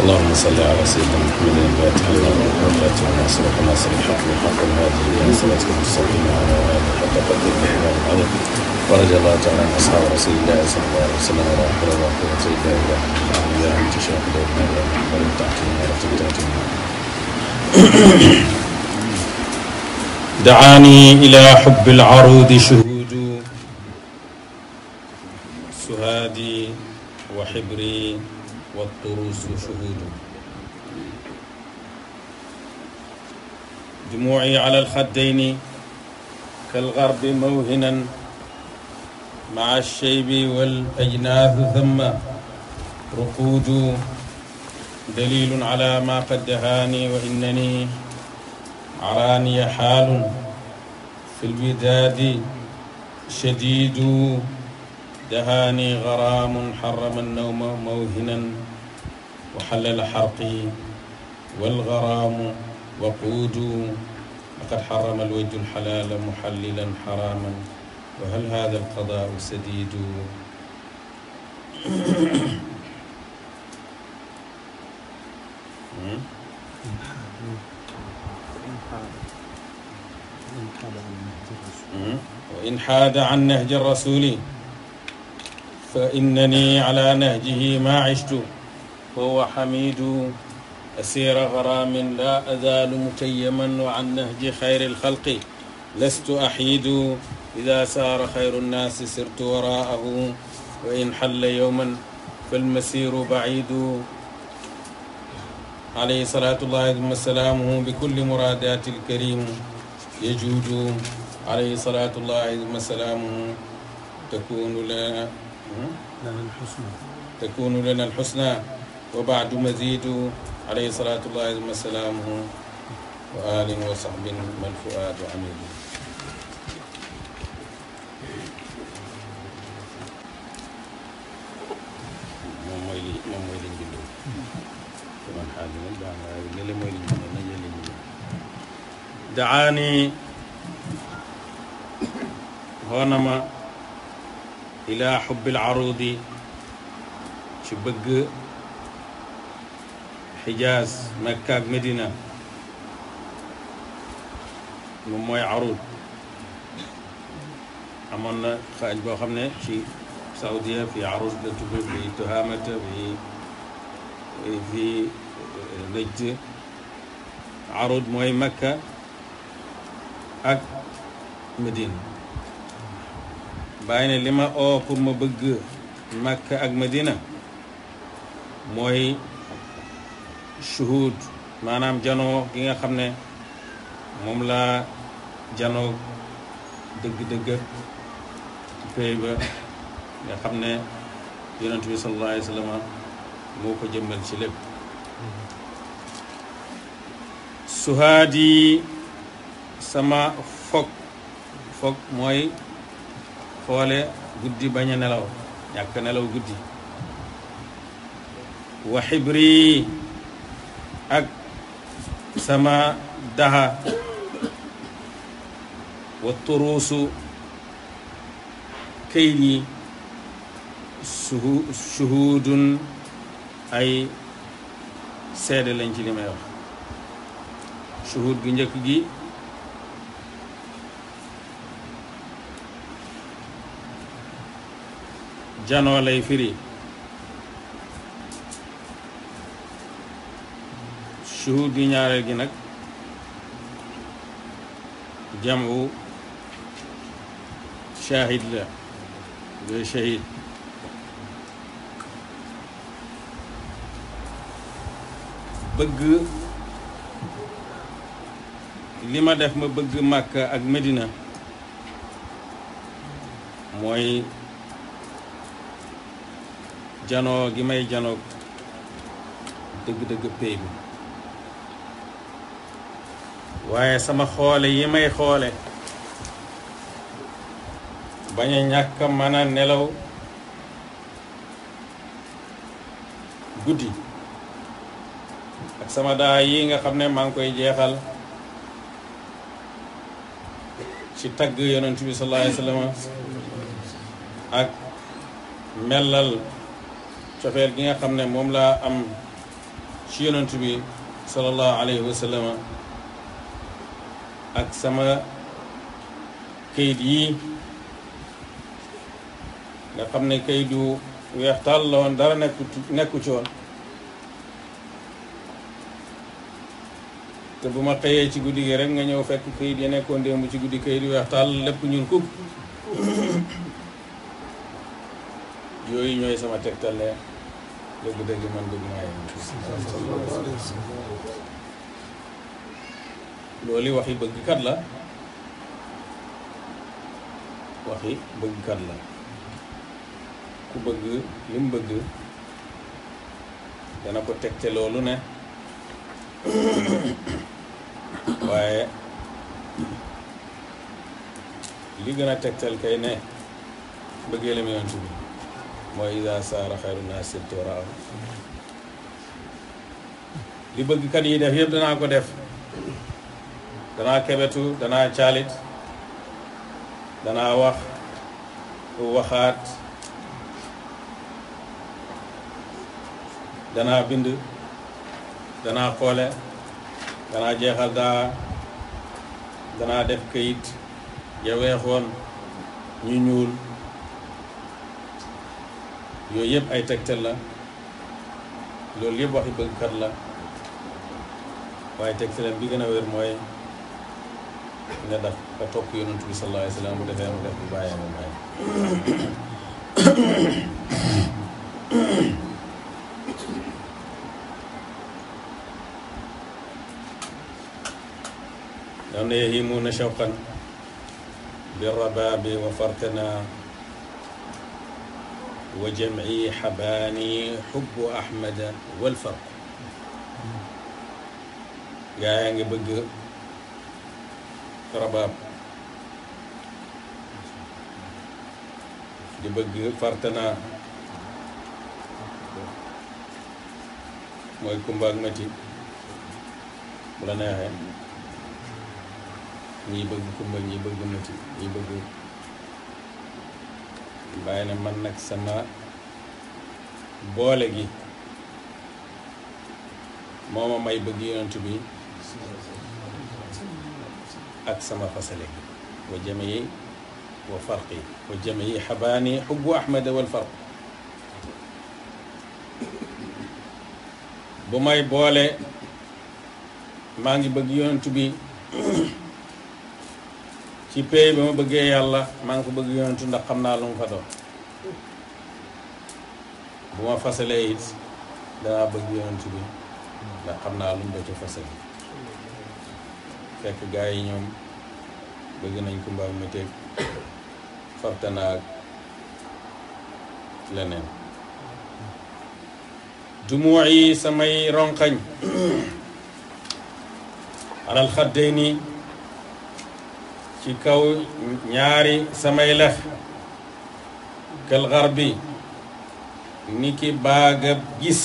اللهم صل على سيدنا محمد الفاتح لما وفاته وناصر ونصر الحق وحق الهادي الى صراطك المستقيم وعلى اله حق قدره وعلى العدد ورجى الله تعالى ان اصحاب رسول الله صلى الله عليه وسلم ولا حول ولا قوه الا بالله اذا انت شاهد ابن الله ولم تعطينا ولا دعاني الى حب العروض شهود سهادي وحبري والطروس شهود دموعي على الخدين كالغرب موهنا مع الشيب والأجناث ثم رقود دليل على ما قد دهاني وإنني عراني حال في الوداد شديد دهاني غرام حرم النوم موهنا وحل الحرق والغرام وقود لقد حرم الوجه الحلال محللا حراما وهل هذا القضاء سديد وإن حاد عن نهج الرسول فإنني على نهجه ما عشت وهو حميد أسير غرام لا أزال متيما وعن نهج خير الخلق لست أحيد إذا سار خير الناس سرت وراءه وإن حل يوما فالمسير بعيد عليه صلاة الله ثم سلامه بكل مرادات الكريم يجود عليه صلاة الله ثم سلامه تكون لنا الحسنى تكون لنا الحسنى وبعد مزيد عليه الصلاة الله والسلام وآل وصحب من فؤاد عميد دعاني هونما الى حب العروض شي بغ حجاز مكة مدينة من موي عروض امون خاج بوخمنا خامني شي سعودية في عروض في تهامة في في نجد عروض موي مكة أك مدينة bàyyi ne li ma oo pour ma bëgg Makka ak Madina mooy shuhud maanaam janoo gi nga xam ne moom laa janoo dëgg-dëgg ci pay ba nga xam ne yonent bi sallallahu ko jëmmal ci lépp sama fog fog mooy foole guddi bañ a nelaw ñàkk nelaw guddi wa xibri ak sama daha wa turuusu këyit yi shuhudun ay seede lañ ci li may wax shuhud gu njëkk gi janoo lay firi shuhud ñaareel gi nag jamu shahid la ngay shahid bëgg li ma def ma bëgg Màkka ak Medina mooy janoo gi may janoog dëgg-dëgg pay bi waaye sama xoole yi may xoole bañ a ñàkk a mën a nelaw guddi ak sama daa yi nga xam ne maa ngi koy jeexal ci tagg yonent bi sallallahu alayhi wa sallam ak melal cofeel gi nga xam ne moom laa am ci bi sallallahu alayhi wa ak sama kayit yii nga xam ne kayit yu weex tàll la woon dara nekku nekku ci woon te bu ma xëyee ci guddi gi rek nga ñëw fekk kayit ya nekkoon démb ci guddi kayit yu weex tàll lépp ñun kub yooyu ñooy sama tegtal ne dëgg-dëgg man dëgg naa loolu waxi bëggkat la waxi bëggkat la ku bëgg li mu bëgg dana ko tegte loolu ne waaye li gën a tegtal kay ne bëggee la mu yontu mooy ida saara xayru naa sirtu wara am li bëggkat yi def yëpp dana ko def danaa kebetu danaa caalit danaa wax waxaat danaa bind danaa xoole danaa jeexal daa danaa def këyit ya weexoon ñu ñuul يو يب اي تكتل لا لول يب واحي بنكر لا واي تكتل ام بيغنا وير موي ندف فتوك يونون تبي صلى الله عليه وسلم ودفع ودفع بايا ومايا لأن يهيمون شوقا بالرباب وفرتنا وجمعي حباني حب أحمد والفرق قاعد بقى رباب يبقى فرتنا ما يكون باق متي ولا نهاية يبقى كم يبقى متي يبقى bàyyi man nak sama bolé gi moma may bëgg yonent bi ak sama fasale gi wa jame wa farqi wa jame habani hubbu ahmad wal farq bu may bolé ma ngi bëgg yonent bi ci pay ba ma bëggee yàlla maa ngi ko bëgg yonentu ndax xam naa lu mu fa doon bu ma fasalee it danaa bëgg yonentu bi ndax xam naa lu mu doon ci fekk gars yi ñoom bëgg nañ ko mbaam ma teg fartanaag leneen dumuux yi samay ronqañ alal nii ci kaw ñaari samay lex kël xar bi ni ki baagab gis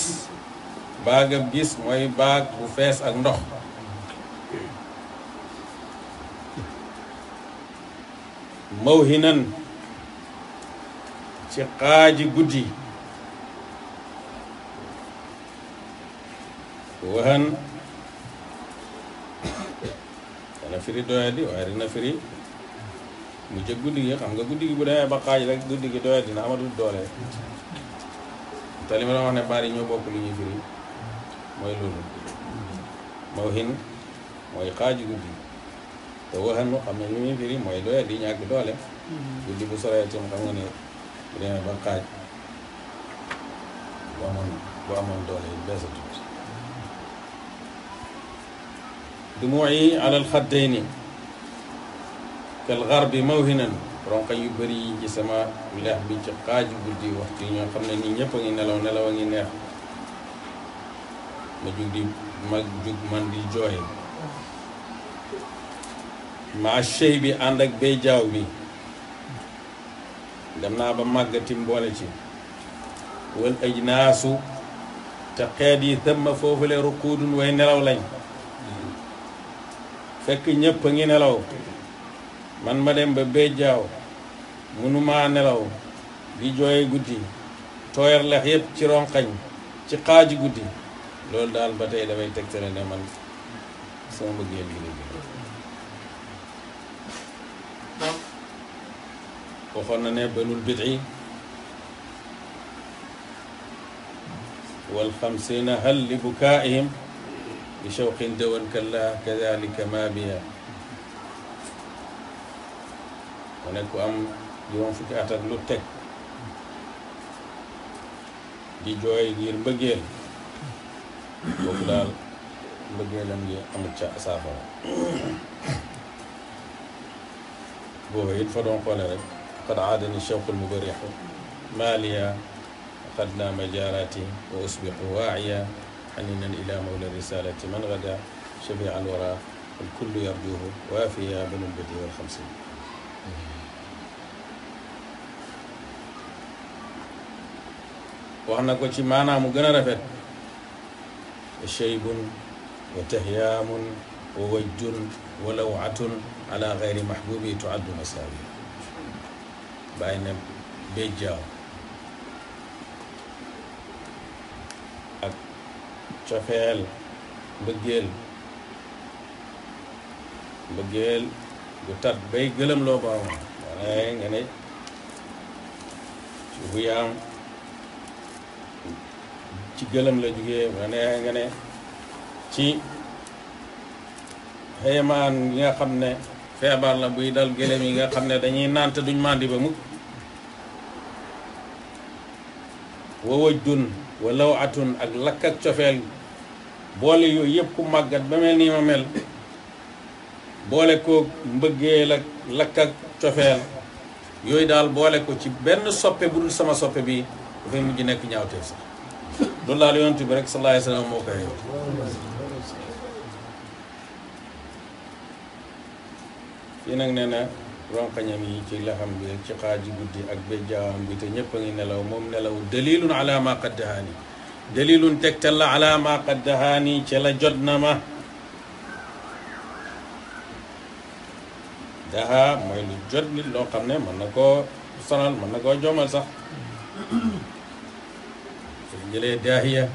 baagab mooy baag bu fees ak ndox mawhinan ci xaaji guddi wahan na firi doyadi waaye dina firi mu jëg guddi gi xam nga guddi gi bu demee ba xaaj rek guddi gi doyadi na amatul doole te li ma la ne baar ñoo bokk li ñuy firi mooy loolu moo hin mooy xaaju guddi te waxanu xam ne li muy firi mooy doyadi ñàkk doole guddi bu soree ci xam nga ne bu demee ba xaaj bu amoon bu amoon doole yi beesatu دموعي على الخدين كالغرب موهنا رونق يبري جسما ملاح بي تقاج بودي وقت ني خمنا ني نيب ني نلاو نلاو ني نيه ما جوج دي ما جوج مان دي جوي مع الشي بي اندك بي جاو بي دمنا با ماغتي مبولي سي تقادي ثم فوفل ركود وين نلاو لاني fekk ñépp a ngi nelaw man ma dem ba béjjaaw mënumaa nelaw di jooye guddi tooyar lex yëpp ci ronqañ ci xaaji guddi loolu daal ba tey damay tegtale ne man sama mbëggeel gi la jóge waxoon na ne banul bidi wal xamsiina hal li bukaa'ihim بشوق دوا كلا كذلك ما بها ونكو أم يوم فك أتاك لتك دي جوي غير بجيل بقلال بجيل أم يأمتشا أسافر بوه يدفرون قولا قد عادني الشوق المبرح ماليا قد نام جاراتي وأصبح واعيا حنينا الى مولى الرساله من غدا شبيع الورى الكل يرجوه وافيا بن البدر الخمسين وانا كوتشي معنا مغنى رفت شيب وتهيام ووج ولوعة على غير محبوب تعد مساوي باين بيجاو cofeel mbëggeel mbëggeel gu tat bay gëlëm loo borom waaye nga ne ci xuyaam ci gëlëm la jugee bu la nga ne ci xeyamaan yi nga xam ne feebar la buy dal gëlëm yi nga xam ne dañuy naan duñ màndi ba mukk wawaj dun walaw atun ak lakk ak cofeel boole yooyu yëpp ku màggat ba mel nii ma mel boole ko mbëggeel la lakk ak cofeel yooyu daal boole ko ci benn soppe bu dul sama soppe bi dafay mujj nekk ñaawteef sax loolu daal yonent bi nag nee na ronkañam yi ci laxam bi ci xaaji guddi ak béjjaawam bi te ñëpp a ngi nelaw moom nelaw dalilun ala ma qaddahaani دليل تكتل على ما قد دهاني تلا جدنما دها موي لو جدن لو خامني منكو سنال منكو جومال صح سنجلي داهية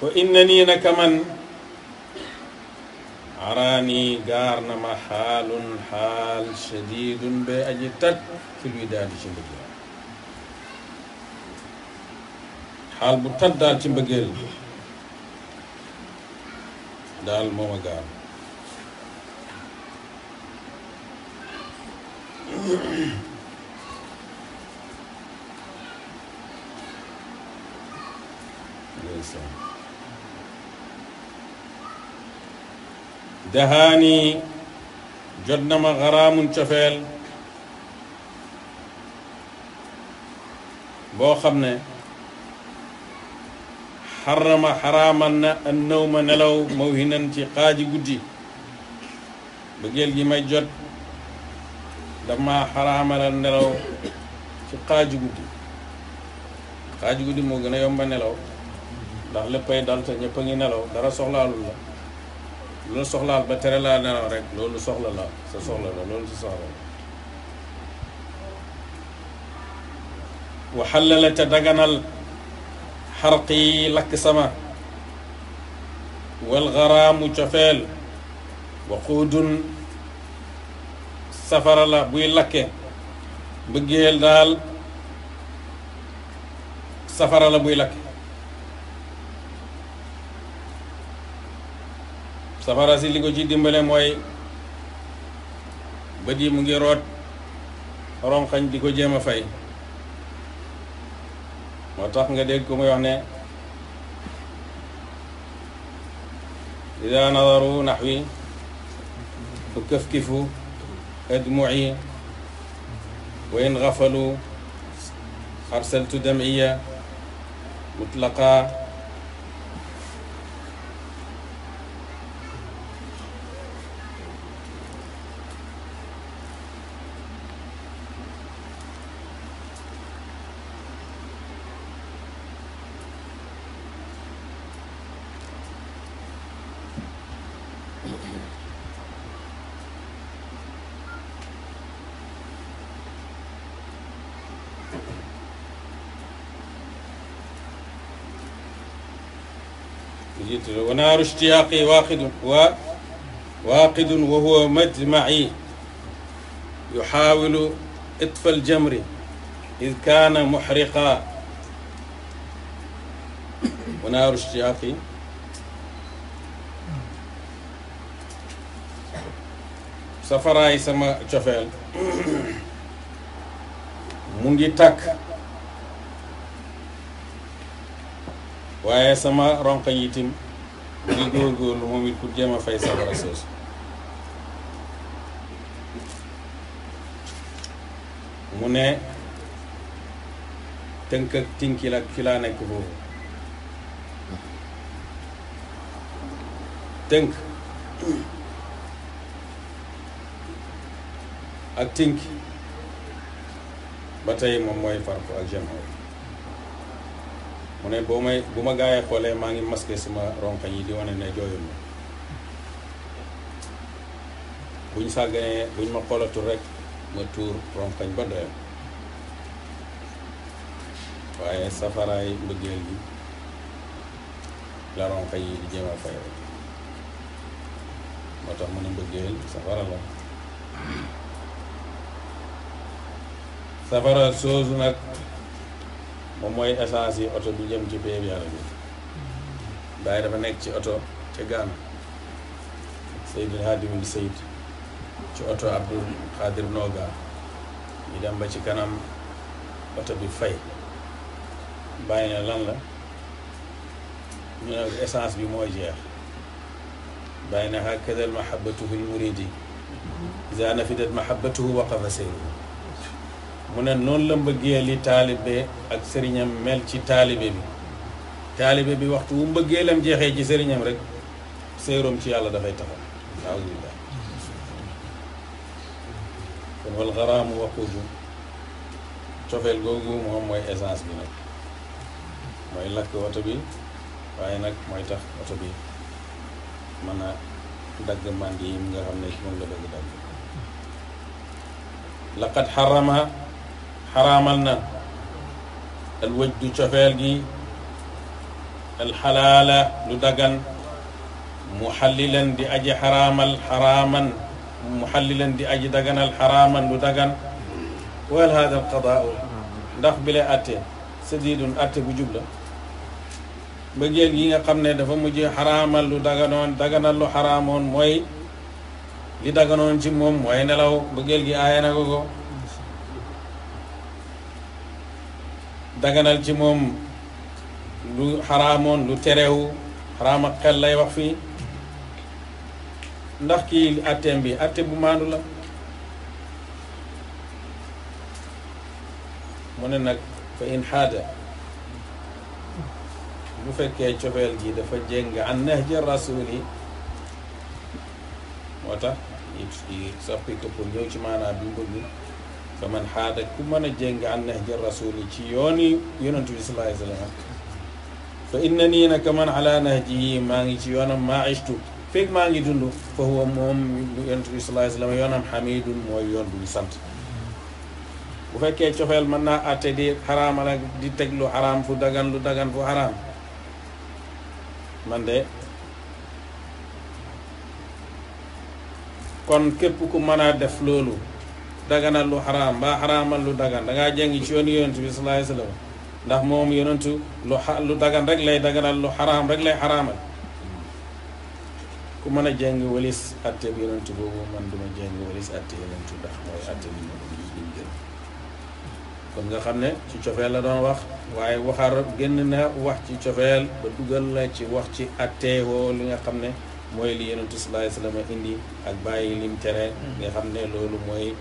وإنني نكمن أراني غارنا حال حال شديد بأجتت في الوداد شنجلي حال بطل دال تبقل دال موما قال دهاني جنما غرام تفعل بو خمنه xarama xaraamal nelaw an nawma ci xaaji guddi bëggeel gi may jot dama xaraamalal nelaw ci xaaji guddi xaaji guddi moo gën a yomba nelaw ndax léppay dal te ñëpp a ngi nelaw dara soxlaalul la loolu soxlaal ba tere laa nelaw rek loolu soxla la sa soxla la loolu sa soxla la waxalala te daganal xarqi lakk sama walgaraamu cofeel waquudun safara la buy lakke mbëggeel daal safara la buy lakke safara si li ko ci dimbale mooy bët yi mu ngi root ronxañ di ko jéem a fay moo tax nga dégg ko muy wax ne ida nadaru naxwi ukafkifu admuci wa in gafalu arsaltu damciya mutlaqa نار اشتياقي واقد و واقد وهو مجمعي يحاول إطفى الجمر إذ كان محرقا ونار اشتياقي سفر اي سما mu ngi تاك waaye سما ronq yi di góorgóorlu moom it pour jéem a fay safara soosu mu ne tënk ak tinki la ci laa nekk foofu tënk ak tinki ba tey moom mooy farko ak jamaa mu ne boo may bu ma gaayee xoolee maa ngi masqué sama ronkañ yi di wane ne jooyul ma buñ sàgganee buñ ma xoolatul rek ma tuur ronkañ ba doyam waaye safaraay mbëggeel gi la ronkañ yi di jéem fay moo tax mu ne mbëggeel safara la safara soosu nag moom mooy essence yi oto bi jëm ci pay bi yàlla bi bàyyi dafa nekk ci oto ca Gaana Seydou Hadim di Seyd ci oto Abdul Xaadir Noga ñu dem ba ci kanam oto bi fay bàyyi na lan la ñu ne essence bi mooy jeex bàyyi na hakada mahabatuhu l muridi ida nafidat mahabatuhu waqafa seyruhu mu ne noonu la mbëggee li taalibe ak sëriñam mel ci taalibe bi taalibe bi waxtu wu mbëggeelam jeexee ci sëriñam rek séeroom ci yàlla dafay taxaw alhamdulilah kon wal xaraamu waqudu moom mooy essence bi nag mooy lakk oto bi waaye nag mooy tax oto bi mën a dagg mànd yi nga xam ne moom la dëgg dagg laqad xarama xaraamal na alwëjdu cofeel gi alxalaala lu dagan muxallilan di aji xaraamal xaraaman muxallilan di aji daganal xaraaman lu dagan wal hada alqadaau ndax bi lay atte sadidun atte bu jub la mbëggeel gi nga xam ne dafa mujj xaraamal lu daganoon daganal lu xaraamoon mooy li daganoon ci moom mooy nelaw mbëggeel gi aaya na ko ko daganal ci moom lu xaraamoon lu terewu xaraam ak xel lay wax fii ndax kii atteem bi atte bu maandu la mu ne fa in xaada bu fekkee cofeel gi dafa jéng an nahji rasuli moo tax soppi ko ñëw ci maanaam bi mu man xaada ku mën a jéng an ci yooni yonentu bi nii naka man maa ngi ci yoonam maa maa ngi dund fa huwa moom yoon bu sant bu fekkee cofeel mën naa àtte di xaraamal ak di teg lu xaraam fu dagan kon képp ku mën a def loolu daganal lu xaraam mbaa xaraamal lu dagan dangaa jàng ci yoonu yonent bi sallallahu alayhi wa ndax moom yonentu lu xa lu dagan rek lay daganal lu xaraam rek lay xaraamal ku mën a jàng walis atte bi yonentu boobu man duma jàng walis atte yonentu ndax mooy atte bi ñu jël kon nga xam ne ci cofeel la doon wax waaye waxaar génn na wax ci cofeel ba dugal la ci wax ci atteewoo li nga xam ne mooy li yonentu sallallahu alayhi wa sallam indi ak bàyyi lim tere mm. nga xam ne loolu mooy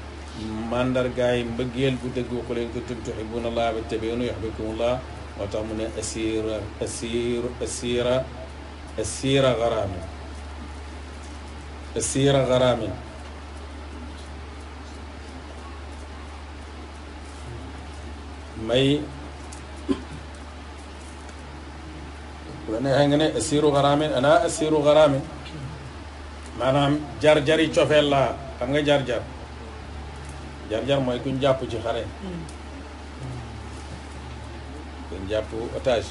mandargaay mbëggeel gu dëgg waxu leen ko tum tuhibuuna allah wattabiuuna yuhbibkumullah moo tax mu ne asira asir asira asira gharam asira gharam may wana hangane asiru gharam ana asiru gharam manam jar-jari cofeel laa xam nga jar-jar jar-jar mooy kuñ jàpp ci xare kuñ jàpp otage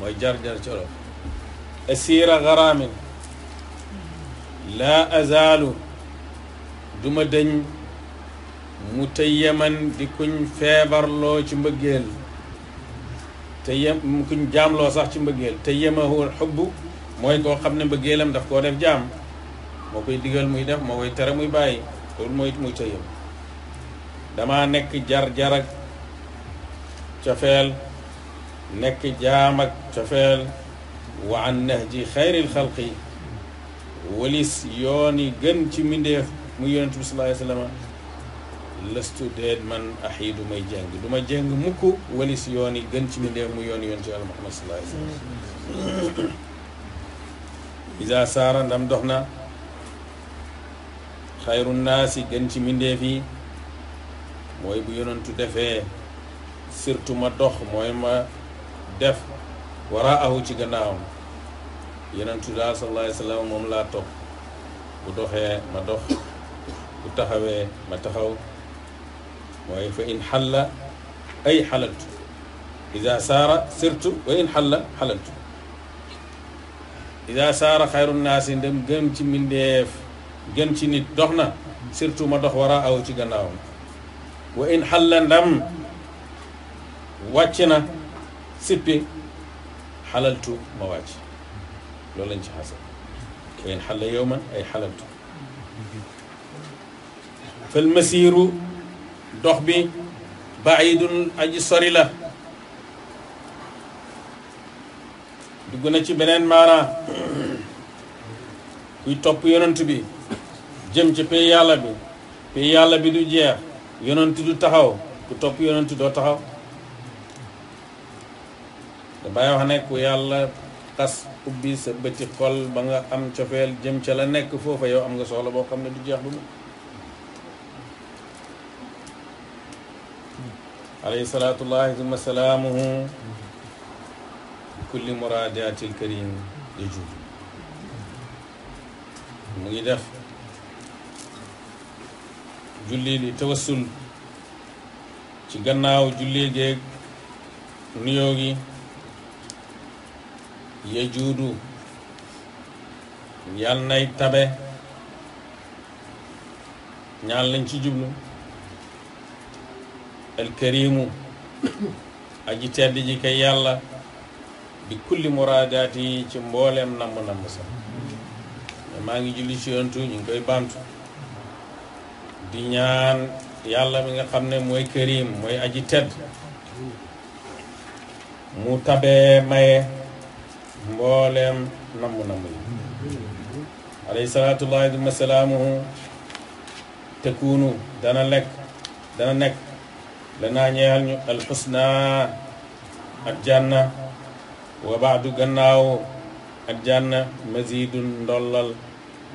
moy jar-jar ci olof asira garaamin la azalu duma dëñ mutayyaman di kuñ lo ci mbëggeel te kuñ jam lo sax ci mbëggeel te al-hubb moy ko xamne ne daf ko def jam moo digal muy def moo tere muy baye loolu mooy muy tëyam dama nekk jar-jar ak cofeel nekk jaam ak cofeel wa an nahji xayril xalqi walis yooni gën ci mbindeef mu yonent bi sallallahu alayhi wa sallam lëstu deet man axii du may jàng du ma jàng mukk walis yooni gën ci mbindeef mu yooni yonent yàlla Muhammad sallallahu alayhi wa sallam isa saara ndam dox na xayru naasi gën ci mbindeef yi mooy bu yonentu defee surtout ma dox mooy ma def waraahu ci gannaawam yonentu daal sallallahu alayhi wa sallam moom laa topp bu doxee ma dox bu taxawee ma taxaw mooy fa in xalla ay xalaltu ida saara surtout wa in xalla xalaltu ida saara xayru naasi ndem gën ci mbindeef gën ci nit dox na surtout ma dox wara aw ci gannaawam wa in xalla ndam wàcc na sippi xalaltu ma wàcc loolu lañ ci xasa wa in xalla yowman ay xalaltu fal masiiru dox bi baidun aji sori la dugg na ci beneen maanaa kuy topp yonent bi jëm ci pay yàlla bi pay yàlla bi du jeex yonent du taxaw ku topp yonent doo taxaw da bàyyi wax ne ku yàlla xas ubbi sa bëti xol ba nga am cofeel jëm ca la nekk foofa yow am nga soxla boo xam ne du jeex bu mu alayhi salaatullahi summa salaamuhu kulli muraadaatil karim mu ngi def julli di tawassul ci gannaaw julli geeg nuyoo gi ya juudu yàl nay tabe ñaan lañ ci jublu alkarimu aji tedd ji kay yàlla bi kulli muraadaat ci mbooleem namm-namm sax maa ngi julli ci yontu ñu koy bantu di ñaan yàlla mi nga xam ne mooy kërim mooy aji tedd mu tabe maye mbooleem namm-namm yi alayhi salaatullahi duma salaamuhu tekunu dana lekk dana nekk lanaa ñeexal ñu alxusna ak janna wa baadu gannaaw ak janna mazidun ndollal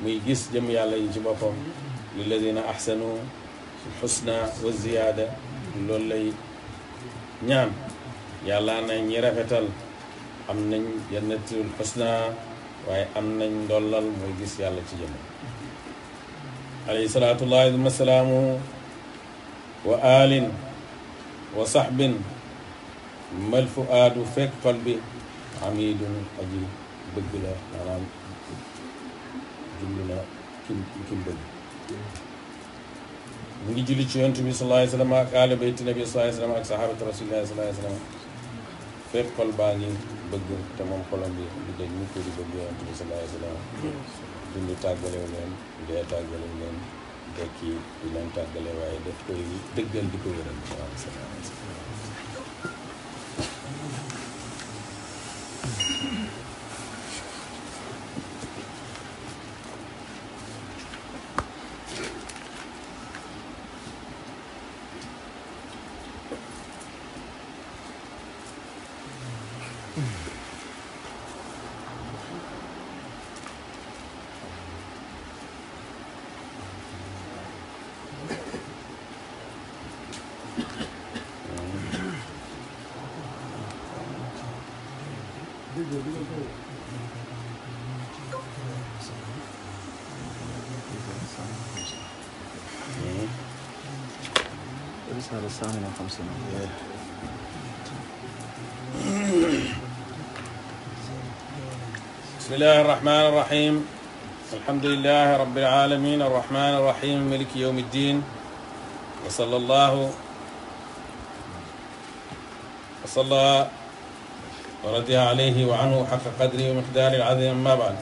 muy gis jëm yàlla yi ci boppam للذين أحسنوا الحسنى والزيادة للي نعم يا لنا نيرفتال أمن جنة الحسنى وأمن دولة المجلس يا الله تجمع عليه الصلاة والسلام وآل وصحب ما الفؤاد فك قلبي عميد أجي بقلة نعم جملنا كم كم بقلة mu ngi julli ci yontu bi sallallahu alayhi wa sallam ak aali bayti nabi sallallahu alayhi wa ak sahabatu rasulillahi sallallahu alayhi wa sallam fépp xol baa ngi bëgg te moom xolam bi di dégg ñu ko di bëgg yontu bi sallallahu alayhi wa sallam dund tàggalewu leen dee leen dekki di leen tàggale waaye daf koy dëggal di ko wéral sallallahu alayhi wa sallam بسم الله الرحمن الرحيم الحمد لله رب العالمين الرحمن الرحيم ملك يوم الدين وصلى الله وصلى ورضي عليه وعنه حق قدره ومقدار العظيم أما بعد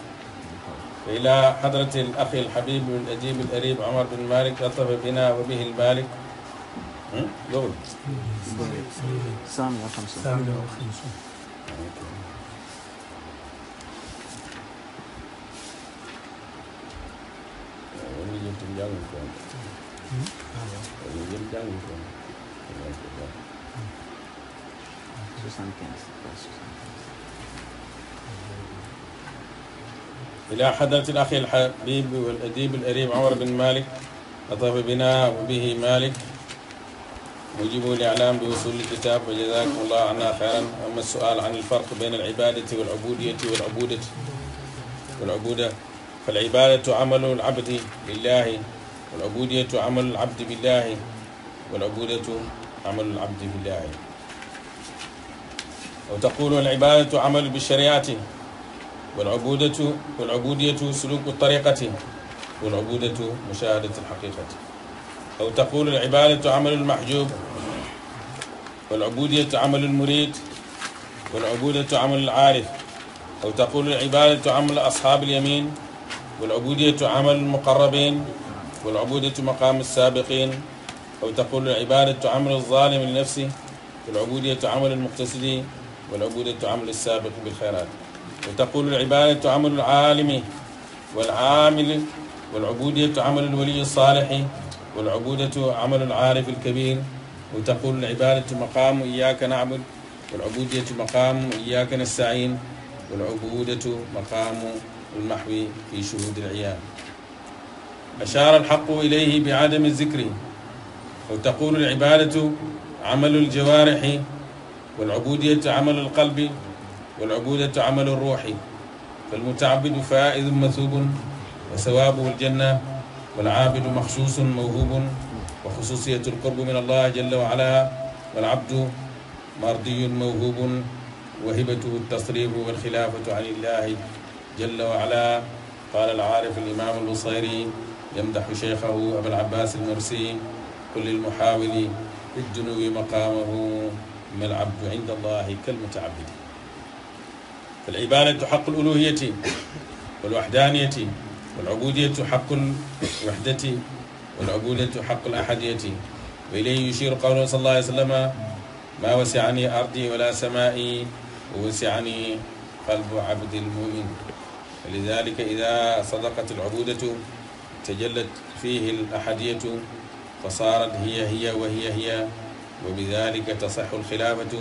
إلى حضرة الأخ الحبيب الأجيب الأريب عمر بن مالك لطف بنا وبه المالك دول سامي سامي إلى حضرة الأخ الحبيب والأديب الأريب عمر بن مالك أطاف بنا وبه مالك موجب الإعلام بوصول الكتاب وجزاكم الله عنا خيرا أما السؤال عن الفرق بين العبادة والعبودية والعبودة والعبودة فالعبادة عمل العبد لله والعبودية عمل العبد بالله والعبودة عمل العبد بالله وتقول العبادة عمل بالشريعة والعبودة والعبودية سلوك الطريقة والعبودة مشاهدة الحقيقة أو تقول العبادة عمل المحجوب والعبودية عمل المريد والعبودة عمل العارف أو تقول العبادة عمل أصحاب اليمين والعبودية عمل المقربين والعبودة مقام السابقين أو تقول العبادة عمل الظالم لنفسه والعبودية عمل المقتصدين والعبودة عمل السابق بالخيرات وتقول العبادة عمل العالم والعامل والعبودية عمل الولي الصالح والعبودة عمل العارف الكبير وتقول العبادة مقام إياك نعبد والعبودية مقام إياك نستعين والعبودة مقام المحو في شهود العيان أشار الحق إليه بعدم الذكر وتقول العبادة عمل الجوارح والعبودية عمل القلب والعبودة عمل الروح فالمتعبد فائز مثوب وثوابه الجنة والعابد مخصوص موهوب وخصوصية القرب من الله جل وعلا والعبد مرضي موهوب وهبته التصريف والخلافة عن الله جل وعلا قال العارف الإمام البصيري يمدح شيخه أبا العباس المرسي كل المحاول الجنوب مقامه ما العبد عند الله كالمتعبد فالعبادة حق الألوهية والوحدانية والعبودية حق الوحدة والعبودية حق الأحدية وإليه يشير قوله صلى الله عليه وسلم ما وسعني أرضي ولا سمائي ووسعني قلب عبد المؤمن لذلك إذا صدقت العبودة تجلت فيه الأحدية فصارت هي هي وهي هي وبذلك تصح الخلافة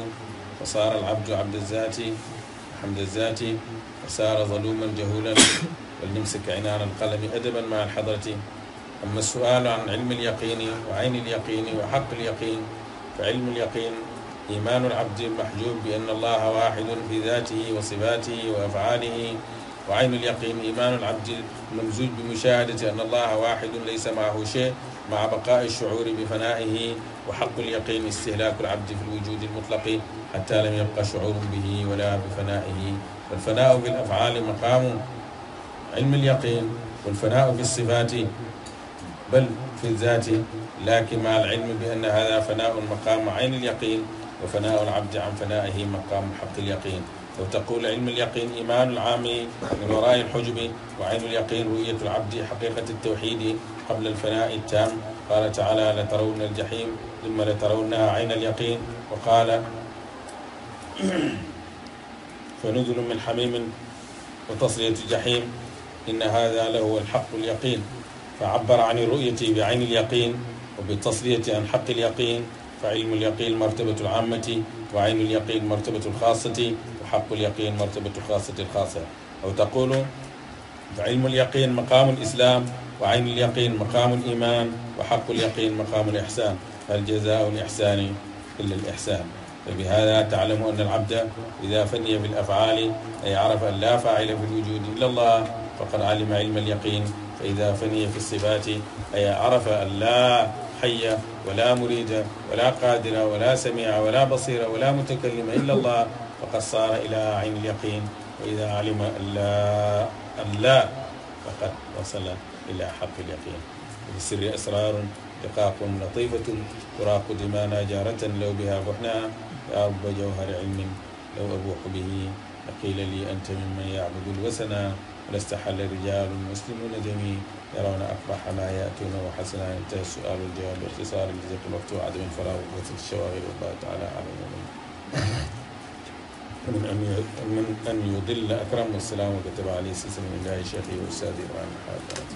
فصار العبد عبد الذات حمد الذات وصار ظلوما جهولا ولنمسك عنان القلم أدبا مع الحضرة أما السؤال عن علم اليقين وعين اليقين وحق اليقين فعلم اليقين إيمان العبد المحجوب بأن الله واحد في ذاته وصفاته وأفعاله وعين اليقين إيمان العبد الممزوج بمشاهدة أن الله واحد ليس معه شيء مع بقاء الشعور بفنائه وحق اليقين استهلاك العبد في الوجود المطلق حتى لم يبقى شعور به ولا بفنائه فالفناء بالأفعال مقام علم اليقين والفناء في الصفات بل في الذات لكن مع العلم بأن هذا فناء مقام عين اليقين وفناء العبد عن فنائه مقام حق اليقين وتقول تقول علم اليقين إيمان العام من وراء الحجب وعين اليقين رؤية العبد حقيقة التوحيد قبل الفناء التام قال تعالى لترون الجحيم ثم لترونها عين اليقين وقال فنزل من حميم وتصلية الجحيم إن هذا لهو الحق اليقين فعبر عن الرؤية بعين اليقين وبالتصلية عن حق اليقين فعلم اليقين مرتبة العامة وعين اليقين مرتبة الخاصة حق اليقين مرتبة خاصة الخاصة أو تقول فعلم اليقين مقام الإسلام وعين اليقين مقام الإيمان وحق اليقين مقام الإحسان هل جزاء الإحسان إلا الإحسان فبهذا تعلم أن العبد إذا فني في الأفعال أي عرف أن لا فاعل في الوجود إلا الله فقد علم علم اليقين فإذا فني في الصفات أي عرف أن لا حي ولا مريد ولا قادر ولا سميع ولا بصير ولا متكلم إلا الله فقد صار إلى عين اليقين وإذا علم أن لا أن لا فقد وصل إلى حق اليقين السر أسرار دقاق لطيفة تراق دمانا جارة لو بها بحنا يا رب جوهر علم لو أبوح به لقيل لي أنت ممن يعبد الوسنا ولست حل رجال مسلمون جميع يرون أقبح ما يأتون وحسنا انتهى السؤال والجواب باختصار لزق الوقت وعدم الفراغ وقوة الشواغل والله تعالى أعلم من أن من أن يضل اكرم السلام وكتب عليه السلام من الله شيخي وأستاذي إبراهيم الحافظ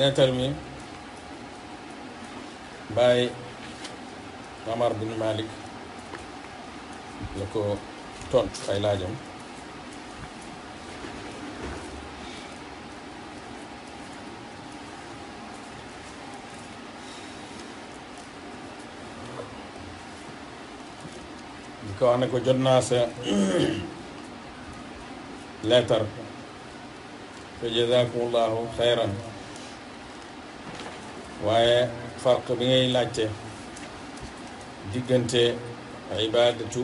لا ترميم bàyyi Mamar bin Malik la ko tontu ko wax ne ko jot naa sa leetar waaye farq bi ngay laajte diggante ibadatu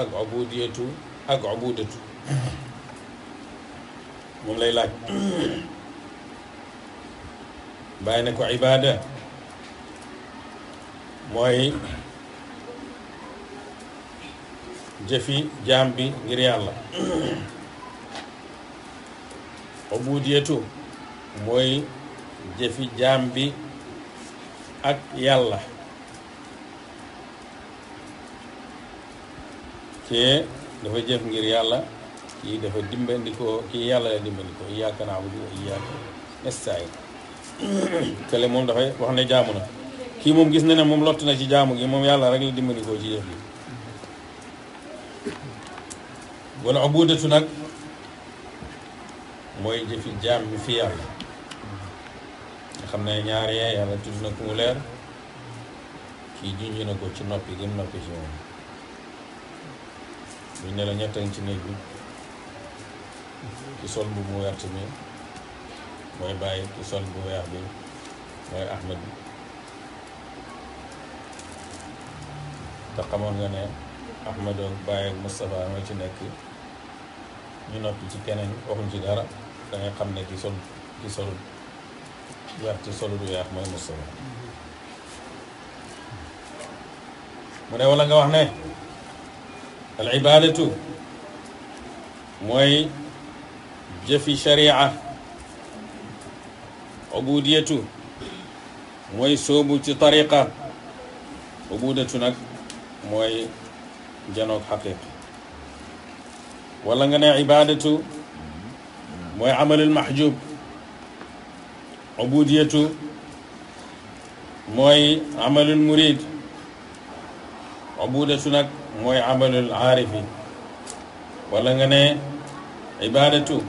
ak ubudiyatu ak ubudatu moom lay laaj bàyyi na ko ibada mooy jëfi jaam bi ngir yàlla ubudiyatu mooy jëfi jaam bi ak yàlla cee dafa jëf ngir yàlla kii dafa dimbandikoo kii yàlla la dimbandikoo iyyaaka na'budu wa iyyaaka nasta'iin kële moom dafay wax ne jaamu na kii moom gis na ne moom lott na ci jaamu gi moom yàlla rek la dimbandikoo ci jëf gi wala ubudatu nag mooy jëfi jaam bi fi yàlla xam na ñaar yee yàlla tudd na ku mu leen kii junj na ko ci noppi gi mu noppi ci moom buñ ne la ci néeg bi ki sol bu mu wert mi mooy bàyyi ki sol bu weex bi mooy ahmed bi te xamoon nga ne ahmed ak bàyyi Moustapha moo ci nekk ñu noppi ci keneen waxuñ ci dara dangay xam ne ki sol ki sol من أولا نحن العبادة موي جفي شريعة عبودية موي سوبو تي طريقة عبودة نك موي جنوك حقيقة ولا عبادة موي عمل المحجوب عبوديته موي عمل المريد عبودة نك موي عمل العارف ولا غني عبادته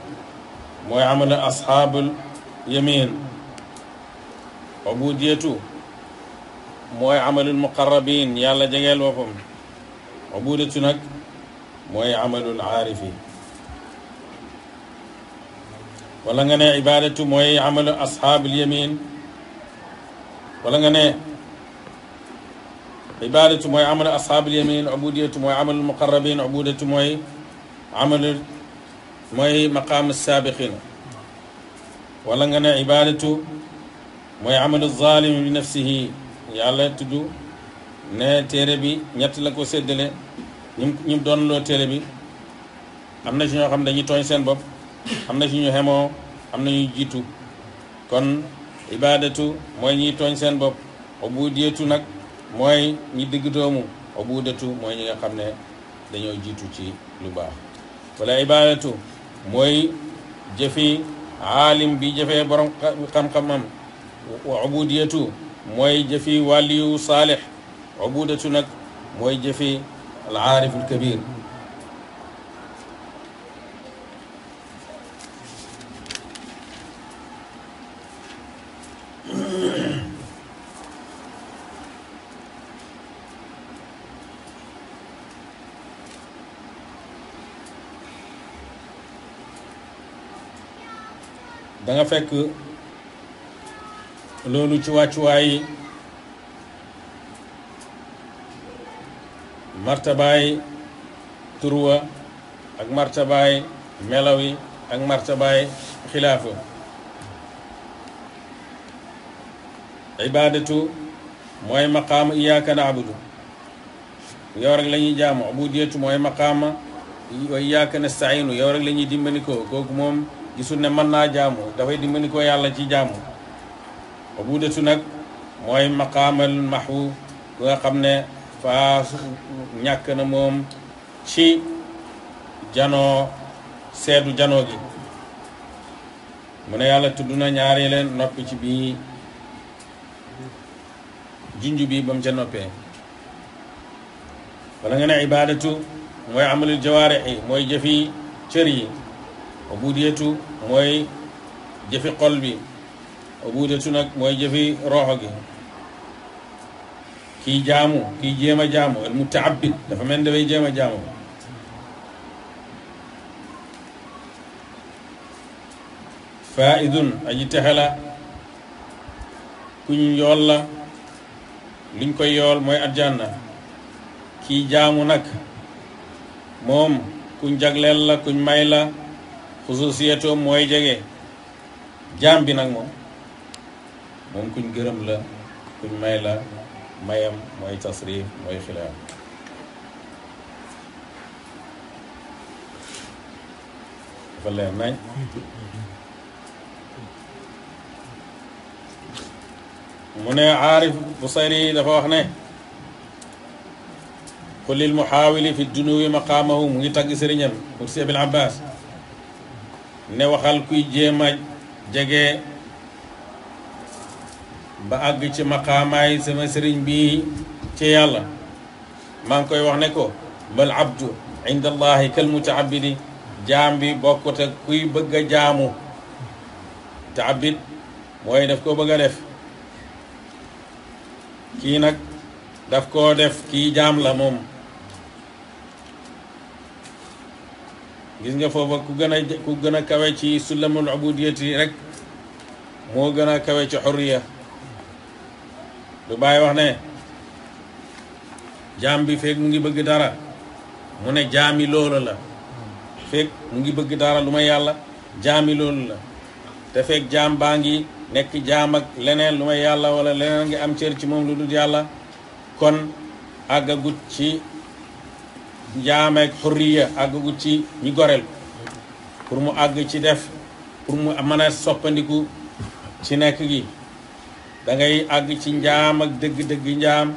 موي عمل أصحاب اليمين عبوديته موي عمل المقربين يلا جيغل بوفم عبودة نك موي عمل العارفين ولا غنى عباده موي عمل اصحاب اليمين ولا غنى عباده موي عمل اصحاب اليمين عبوديه موي عمل المقربين عبوديه موي عمل موي مقام السابقين ولا غنى عباده موي عمل الظالم بنفسه يالا تدو ني تيربي نيت لاكو سدل نيم دون لو تيربي امنا شنو خام داني توي سين بوب am na suñu xemoo am nañu jitu kon ibadatu mooy ñuy tooñ seen bopp obudiyatu nag mooy ñi digg doomu obudatu mooy ñi nga xam ne dañoo jitu ci lu baax wala ibadatu mooy jëfi aalim bi jëfee borom xam-xamam wa obudiyatu mooy jëfi waliyu saalix obudatu nag mooy jëfi alaarifu lkabir danga fekk loolu ci wàccuwaay martabaay turwa ak martabaay melaw yi ak martabaay xilaafa ibaadatu mooy maqaama iyaaka naabudu yow rek lañuy ñuy jaamu ubudiyatu mooy maqaama wa iyaaka nastainu yow rek la ñuy dimbali ko kooku moom gisul ne mën naa jaamu dafay dimbali ko yàlla ci jaamu ubuudatu nag mooy maqaamal maxu bu nga xam ne faa ñàkk na moom ci janoo seetu janoo gi mu ne yàlla tudd na ñaari leen noppi ci bii junj bi ba mu ca noppee wala nga ne ibaadatu mooy amalul jawaarix yi mooy jëfi cër yi ubudiyatu mooy jëfi xol bi ubudiyatu nag mooy jëfi roxo gi kiy jaamu kiy jéem a jaamu al mutaabid dafa mel ni dafay jéem a jaamu faidun aji texe kuñ yool la luñ koy yool mooy aljanna kiy jaamu nag moom kuñ jagleel la kuñ may la خصوصيته موي جيغي جام بي نك موم موم كوغ گيرم لا كوغ ماي لا مايام موي تصريف موي خلاف فلان ناي من عارف بصيري دفا وخني كل المحاول في الدنو مقامه مغي تاغ سيرينم ابن عباس ne waxal kuy jéem a jege ba àgg ci maqaamaay sama sëriñ bi ci yàlla maa ngi koy wax ne ko bal abdu inda allahi kal mutaabidi jaam bi bokkut ak kuy bëgg a jaamu taabid mooy daf koo bëgg a def kii nag daf koo def kii jaam la moom gis nga foofa ku gën a ku gën a kawe ci sulamul ubudiyati rek moo gën a kawe ci xurriya lu bàyyi wax ne jaam bi feeg mu ngi bëgg dara mu ne jaami loolu la feeg mu ngi bëgg dara lu ma yàlla jaami loolu la te feeg jaam baa ngi nekk jaam ak leneen lu ma yàlla wala leneen a ngi am cër ci moom lu dul yàlla kon àggagut ci njaameeg xurriya àggagut ci ñi goreel pour mu àgg ci def pour mu mën a soppandiku ci nekk gi dangay àgg ci njaam ak dëgg-dëgg njaam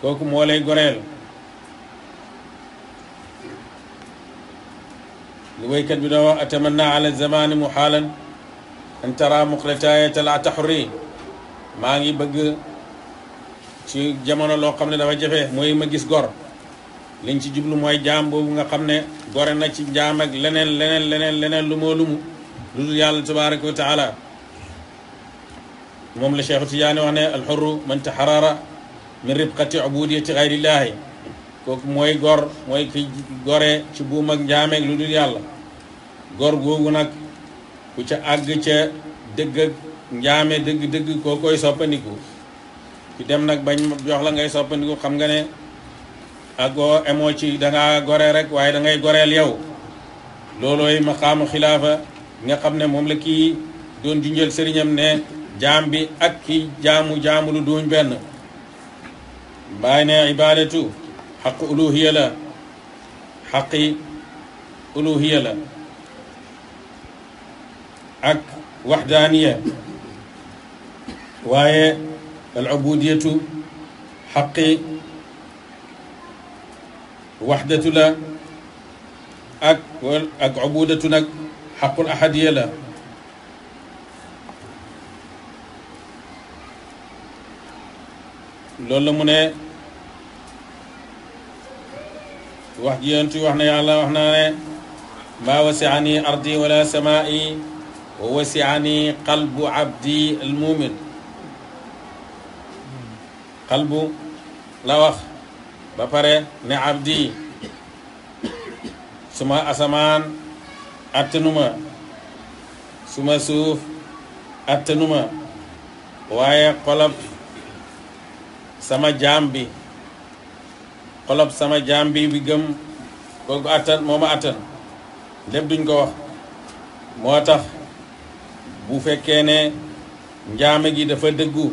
kooku moo lay goreel li waykat bi doon wax atamanna ala zamani muxaalan an tara muxlataaya talaata xurri maa ngi bëgg ci jamono loo xam ne dafa jafe mooy ma gis gor liñ ci jublu mooy jaam boobu nga xam ne gore na ci jaam ak leneen leneen leneen leneen lu moo lumu lu dul yàlla tabaraka wa taala moom la cheikhu tijaani wax ne alxurru man taharara min ribqati ubudiyati gayrillaahi kooku mooy gor mooy ki gore ci buum ak njaameeg lu dul yàlla gor googu nag ku ca àgg ca dëgg ak njaame dëgg-dëgg koo koy soppandiku ki dem nag bañ jox la ngay soppandiku xam nga ne ak goo emoo ci dangaa gore rek waaye dangay ngay goreel yow loolooy maqaamu xilaafa nga xam ne moom la kii doon junjël sëriñam ne jaam bi ak ki jaamu jaamulu duuñ benn bàyyi ne ibadatu xaq uluhiya la xaqi uluhiya la ak waxdaaniya waaye al ubudiyatu xaqi وحدتنا اك اك عبودتنا حق الأحد يلا لولا من واحد ينتي واحنا يا الله واحنا ما وسعني ارضي ولا سمائي ووسعني قلب عبدي المؤمن قلبه لا واخ ba pare ne abdi suma asamaan attanuma suma suuf attanuma waaye xolob sama jaam bi xolob sama jaam bi bi gëm kooku attan moo ma attan lépp duñ ko wax moo tax bu fekkee ne njaame gi dafa dëggu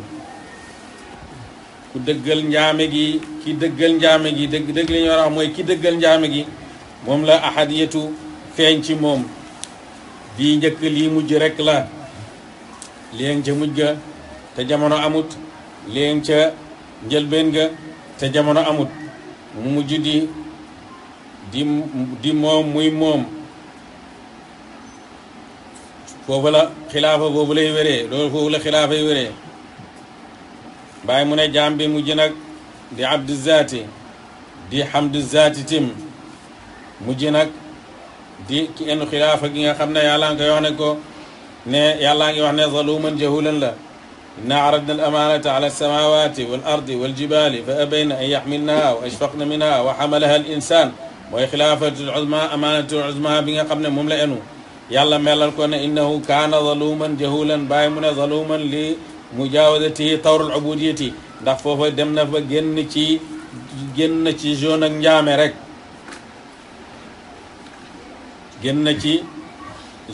ku dëggal njaame gi ki dëggal njaame gi dëgg dëgg mooy ki dëggal njaame gi moom la ahadiyatu feeñ ci moom bii njëkk lii mujj rekk la léegi ca mujj ga te jamono amut léegi ca njëlbeen ga te jamono amut mu mujj di di di moom muy moom foofu la xilaafa boobu lay wéree loolu foofu la xilaafa yi wéree باي مونے جامبي مو جي نك دي عبد الذات دي حمد الذات تيم مو جي نك دي كي انو خلافه كي خامنا يالا نك يوخ نكو ني يالا نغي وخ ني ظلوما جهولا لا إنا عرضنا الأمانة على السماوات والأرض والجبال فأبين أن يحملنها واشفقنا منها وحملها الإنسان وإخلافة العظمى أمانة العظمى بها قبل مملئنو يلا ميلا إنه كان ظلوما جهولا بايمنا ظلوما لي مجاودتي طور العبوديتي دا فوفا دمنا فا ген تي ген تي جون اك نجامي رك ген تي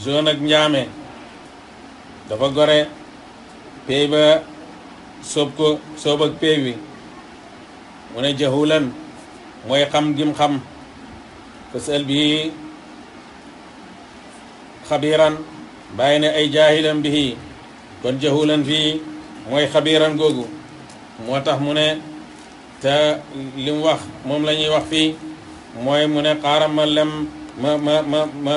جون اك نجامي دا فا غوري پيبا سوبكو سوبك پيبي ونه جهولا موي خم جيم خم فسأل به خبيرا بين أي جاهلا به kon jahulan fi mooy xabiiran googu moo tax mu ne te li wax moom la ñuy wax fii mooy mu ne xaaral ma lem ma ma ma ma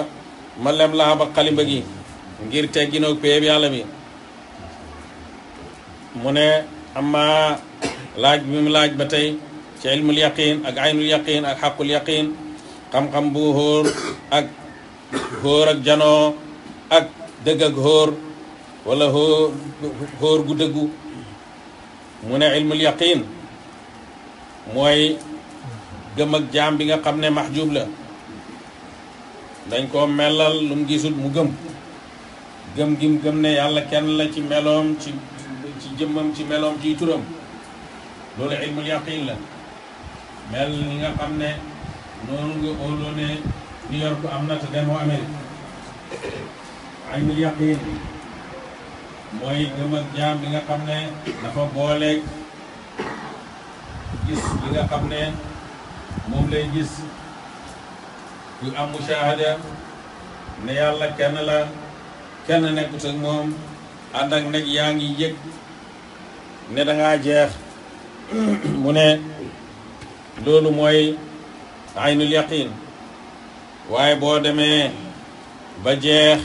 ma lem ba xalimba gi ngir tegginoog péeb yàlla bi mu ne amma laaj bi mu laaj ba tey ci ilmul yaqin ak aynul yaqin ak xaqul yaqin xam-xam bu hóor ak hóor ak janoo ak dëgg ak hóor ولا هو هور قدقو من علم اليقين موي جمك جام بيغا خمنه محجوب لا دنجكو ملال لوم غيسوت مو گم گم گيم گم نه يالا كين لا سي ملوم سي سي جمم سي ملوم سي تورم لول علم اليقين لا مل نيغا خمنه نونو اولوني نيويورك امنا تدمو امريكا علم اليقين mooy gëm jaam bi nga xam ne dafa booleeg gis bi nga xam ne moom lay gis yu am mushahada ne yàlla kenn la kenn nekkut ak moom ànd ak nag yaa ngi yëg ne da ngaa jeex mu ne loolu mooy aynul yaqin waaye boo demee ba jeex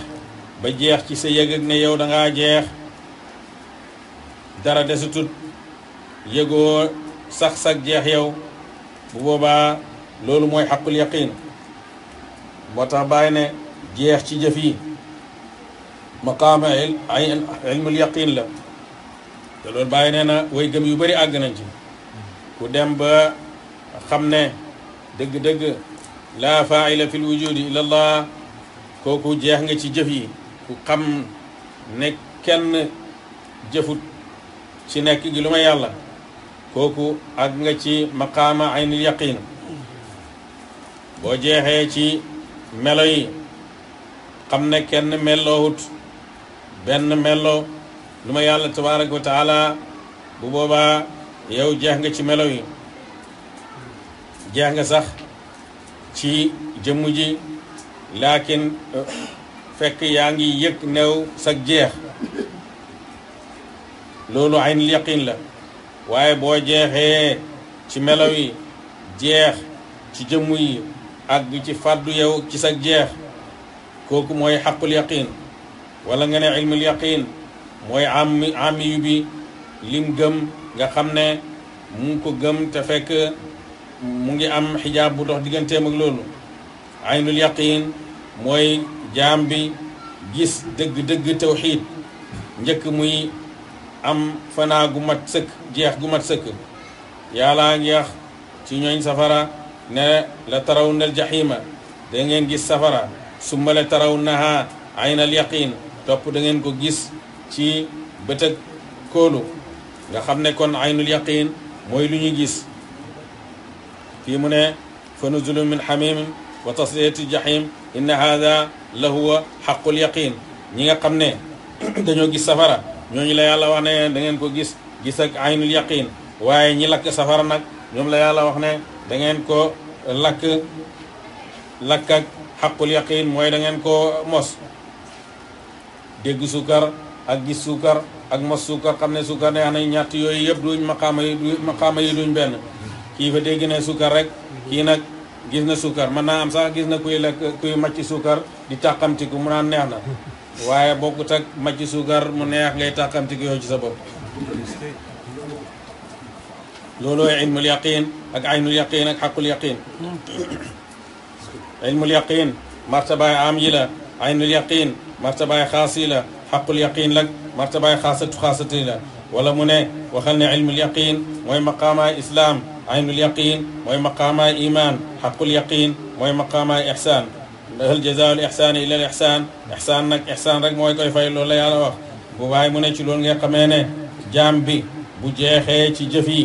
ba jeex ci sa yëg ak ne yow da ngaa jeex dara desutut yëgoo sax sax jeex yow bu boobaa loolu mooy xaqul yaqin moo tax bàyyi ne jeex ci jëf yi maqaama ilmul yaqin la te loolu bàyyi nee na way gëm yu bari àgg nañ ci ku dem ba xam ne dëgg-dëgg laa faila fi l wujudi illa allah kooku jeex nga ci jëf yi ku xam ne kenn jëfut ci nekk gi lu ma yàlla kooku ak nga ci maqaama aynil yaqin boo jeexee ci melo yi xam ne kenn melloowut benn mello lu ma yàlla tabaarak wa taala bu boobaa yow jeex nga ci melo yi jeex nga sax ci jëmm ji laakin fekk yaa ngi yëg new sag jeex loolu aynul yaqin la waaye boo jeexee ci melow yi jeex ci jëmm yi ak bi ci fàddu yow ci sag jeex kooku mooy xaqul yaqin wala nga ne ilmul yaqin mooy ami ami bi lim gëm nga xam ne mu ngi ko gëm te fekk mu ngi am xijaab bu dox digganteem ak loolu aynul yaqin mooy jambi gis deug deug tawhid njëkk muy am fana gu mat seuk jeex gu mat seuk ya la ngeex ci ñooñ safara ne la taraw al jahima de ngeen gis safara summa la taraw naha al yaqin top de ngeen ko gis ci bëtëg kóolu nga xamne kon aynul yaqin moy luñu gis fi mu ne fa nuzulu min xamim wa al jahim inna hada la huwa xaqul yaqin ñi nga xam ne dañoo gis safara ñooñu la yàlla wax ne da ngeen ko gis gis ak aynul yaqin waaye ñi lakk safara nag ñoom la yàlla wax ne dangeen ngeen ko lakk lakk ak xaqul yaqin mooy da ngeen ko mos dégg suukar ak gis suukar ak mos suukar xam ne suukar neex nañ ñett yooyu yëpp du maqaama yi maqaama yi duñ benn kii fa dégg ne suukar rek kii nag gis na sukar man na am sax gis na kuy lek kuy màcc sukar di ko mu naan neex na waaye bokkut ak màcc sukar mu neex ngay tàqamtiku yow ci sa bopp ay ilmul yaqin ak aynul yaqin ak xaqul yaqin ilmul yaqin martabaay am yi la aynul yaqin martabaay xaas yi la xaqul yaqin lag martabaay xaasatu xaasati la wala mu ne waxal ne ilmul yaqin mooy maqaamaay islam aynul yaqin mooy maqaamaay imaan xaqul yaqin mooy maqaamaay ixsaan hal jazaa'ul ixsaani illal ixsaan ixsaan nag ixsaan rek mooy koy fay loolu la yàlla wax bu waaye mu ne ci loolu nga xamee ne jaam bi bu jeexee ci jëf yi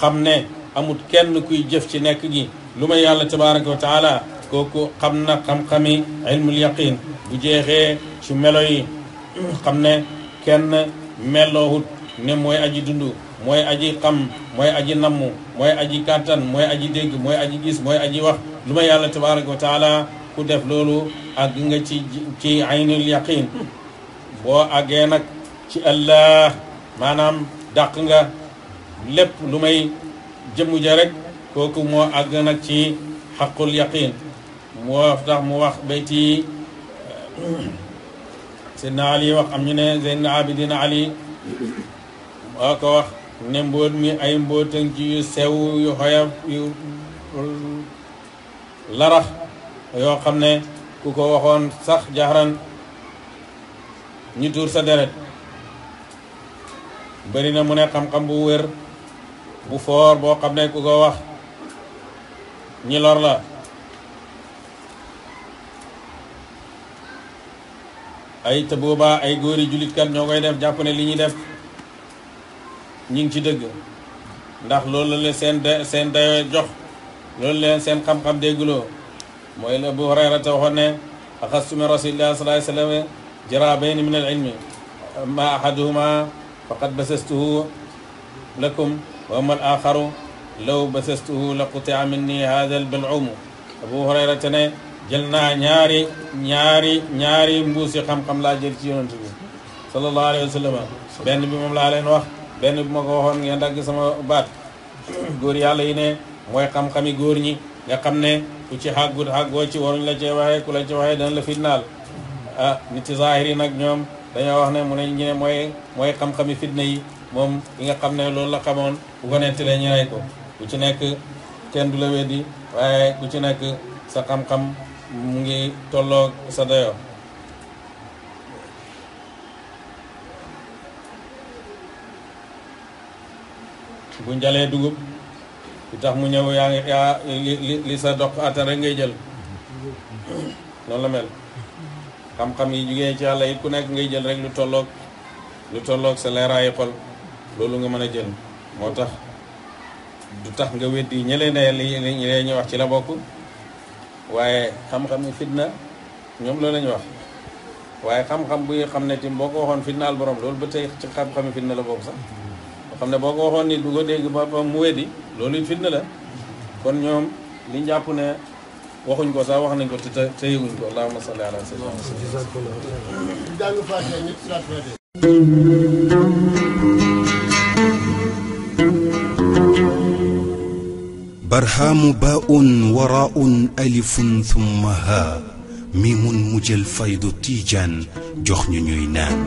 xam ne amut kenn kuy jëf ci nekk gi lu may yàlla tabaraka wa taala kooku xam na xam-xami ilmul yaqin bu jeexee ci melo yi xam ne kenn meloowut ne mooy aji dund mooy aji xam mooy aji namm mooy aji kàttan mooy aji dégg mooy aji gis mooy aji wax lu ma yàlla tabaraka wa taala ku def loolu àgg nga ci ci aynul yaqin boo àggee nag ci allah maanaam daq nga lépp lu may jëmm ja rek kooku moo àgg nag ci xaqul yaqin moo tax mu wax bayti Seydina Ali wax am ñu ne Zeynul Abidin Ali moo ko wax ne mbóot mi ay mbóotan ci yu sew yu xoyab yu larax yoo xam ne ku ko waxoon sax jaxran ñu tuur sa deret bëri na mu ne xam-xam bu wér bu foor boo xam ne ku ko wax ñi lor la ay tabuuba ay góori jullit kat ñoo koy def jàpp ne li ñuy def ñi ngi ci dëgg ndax loolu la seen seen dayoo jox loolu la seen xam-xam dégguloo moy la bu rayra ta waxone akhasu min rasulillahi sallallahu alayhi wasallam jarabayni min al ilm ma ahaduhuma faqad basastuhu lakum wa amma al-akharu law basastuhu la minni hadha al-bal'um Abu hurayra tane jelna naa ñaari ñaari ñaari mbuusi xam-xam la jël ci yonentou bi sallallahu alayhi wasallam sallam benn bi mom la leen wax benn bu ma ko waxoon ngeen dagg sama baat góor yàlla yi ne mooy xam-xami góor ñi nga xam ne ku ci xàggut xàggoo ci waruñ la cee waxee ku la ci waxee dana la fitnaal ah nit ci zaahir yi nag ñoom dañoo wax ne mu ne ñu ne mooy mooy xam-xami fitna yi moom yi nga xam ne loolu la xamoon ku ko nettalee ñu rey ko ku ci nekk kenn du la weddi waaye ku ci nekk sa xam-xam mu ngi tolloog sa dayoo bu njalee dugub lu tax mu ñëw yaa ngi yaa li li sa doq attan rek ngay jël noonu la mel xam-xam yi jugee ci yàlla it ku nekk ngay jël rek lu tollook lu tollook sa leeraayu xol loolu nga mën a jël moo tax du tax nga weddi ñële ne li li ñu wax ci la bokk waaye xam-xam yi fitna ñoom loolu la ñu wax waaye xam-xam bu ñu xam ne tim boo ko waxoon fitnaal borom loolu ba tey ci xam-xam yi fitna la bokk sax xam ne boo ko waxoon ni du ko dégg ba mu weddi loolu it fitna la kon ñoom li jàpp ne waxuñ ko sax wax nañ ko te te yëguñ ko allahumma salli ala sayyidina barhamu baun waraun alifun thumma ha mimun mujël faydu tiijaan jox ñu ñuy naan